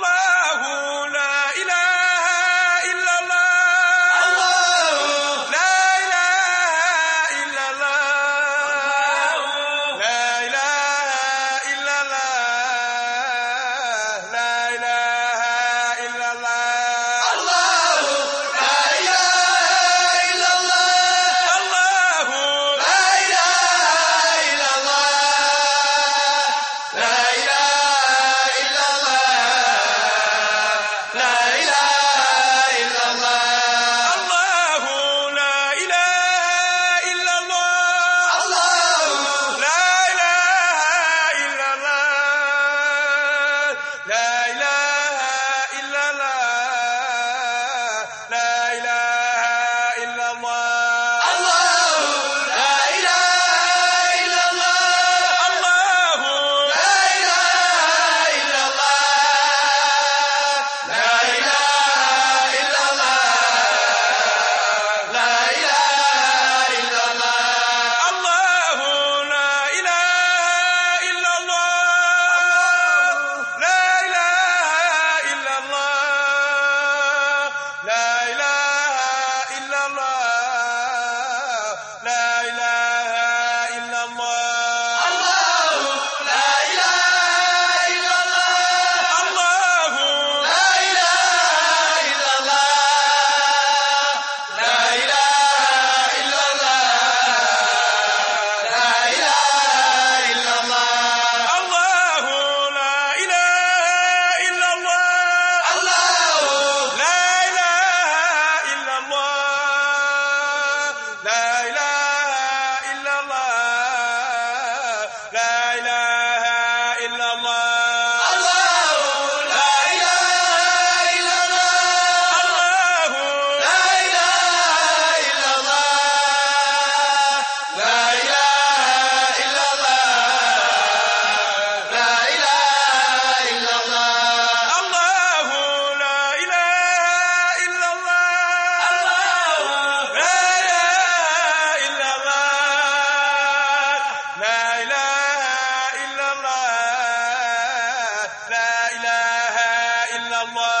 الله Allah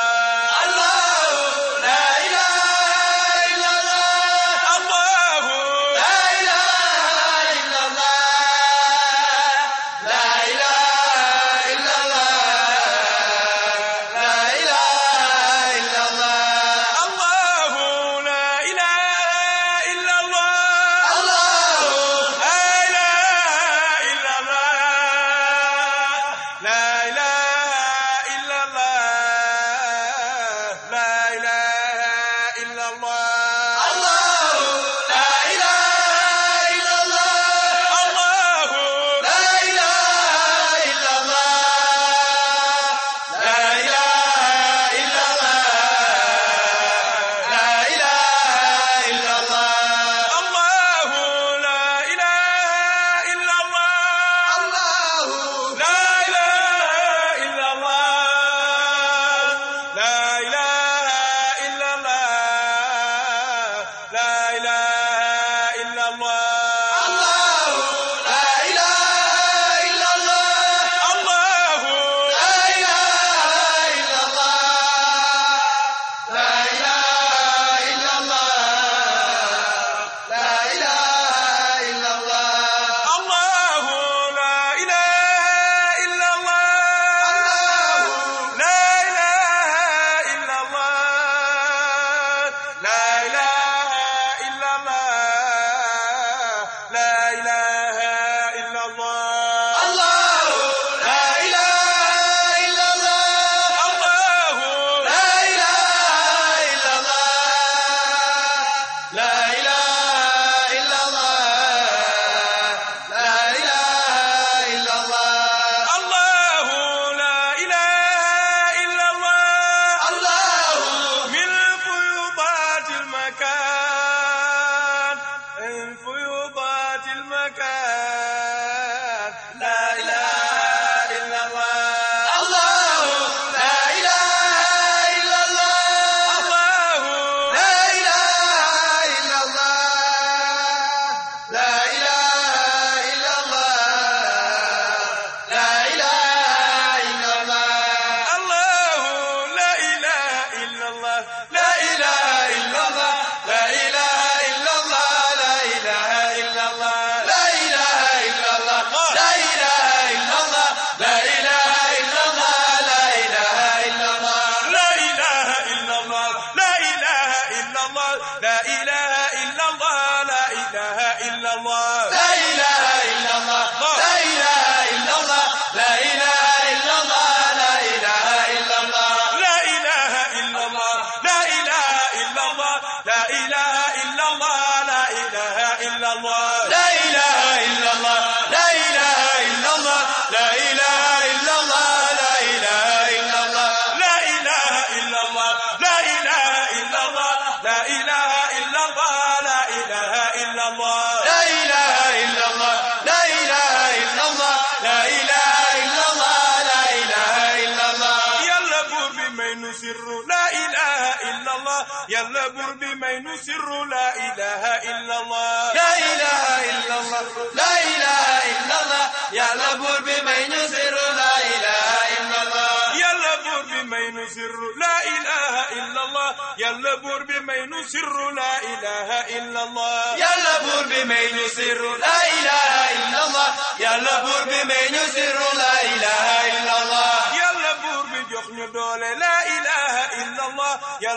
yàlla buur bi may nu sirru la ilaha illa allah la ilaha illa allah la ilaha illa allah yàlla buur bi may nu sirru la ilaha illa allah yàlla buur bi may nu sirru la ilaha illa allah yàlla buur bi may nu sirru la ilaha illa allah yàlla buur bi may nu sirru la ilaha illa allah yàlla buur bi may nu sirru la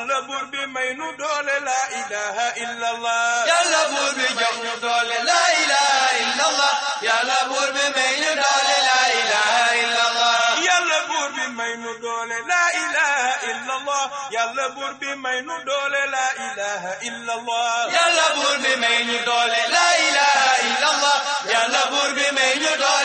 yàlla buur bi may nu doole la ilaha illallah yàlla buur bi jox nu doole la ilaha illallah yàlla buur bi may nu doole la ilaha illallah yàlla buur bi may nu doole la ilaha illallah yàlla buur bi may nu doole la ilaha illallah yàlla buur bi may nu doole la ilaha illallah yàlla buur bi may nu doole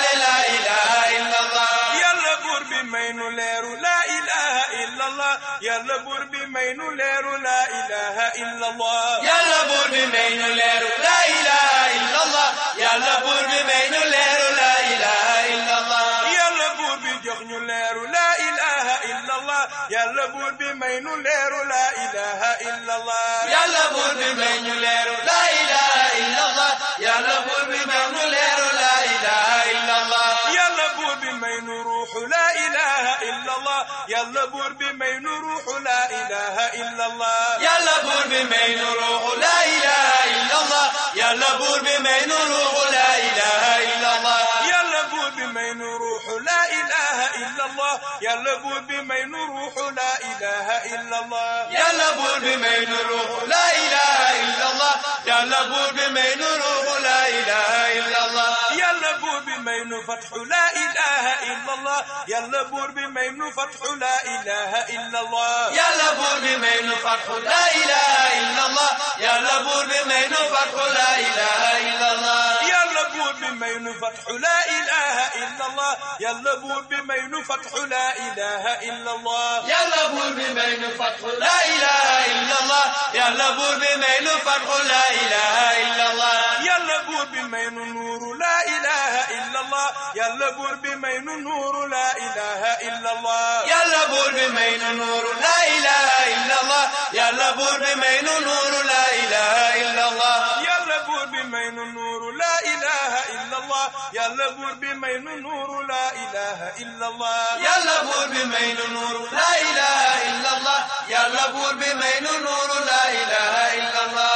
yàlla buur bi may nu leeru laa ilaha illa allah yàlla buur bi may nu leeru laa ilaha illa allah yàlla buur bi may nu leeru laa ilaha illa allah yàlla buur bi jox ñu leeru laa ilaha illa allah yàlla buur bi may nu leeru laa ilaha illa allah yàlla buur bi may nu leeru laa ilaha illa allah yàlla buur bi may nu leeru yàlla buur bi may nu ruuxu laa ilaha illa allah yàlla buur bi may nu ruuxu laa ilaha illa allah yàlla buur bi may nu ruuxu laa ilaha illa allah yàlla buur bi may nu ruuxu laa ilaha illa allah yàlla buur bi may nu ruuxu laa ilaha illa allah yàlla buur bi may nu ruuxu laa ilaha illa allah yàlla buur bi may nu ruuxu laa ilaha may nu fatxu laa ilaha illa allah yàlla buur bi may nu fatxu laa ilaha illa allah yàlla buur bi may nu fatxu laa ilaha illa allah yàlla buur bi may nu fatxu laa ilaha illa allah yàlla buur bi may nu fatxu laa ilaha illa allah yàlla buur bi may nu fatxu laa ilaha illa allah yàlla buur bi may nu fatxu laa ilaha illa allah yàlla buur bi may nu fatxu laa ilaha illa allah yàlla buur bi may nu nuuru laa yàlla buur bi may nu nuuru laa ilaha illa allah yàlla buur bi may nu nuuru laa ilaha illa allah yàlla buur bi may nu nuuru laa ilaha illa allah yàlla buur bi may nu nuuru laa ilaha illa allah yàlla buur bi may nu nuuru laa ilaha illa allah yàlla buur bi may nu nuuru laa ilaha illa allah yàlla buur bi may nu nuuru laa ilaha illa allah